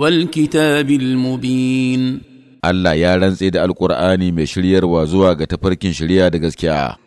Wal والكتاب mubin. Allah ya rantse da Alƙur'ani mai shiryarwa zuwa ga tafarkin shirya da gaskiya.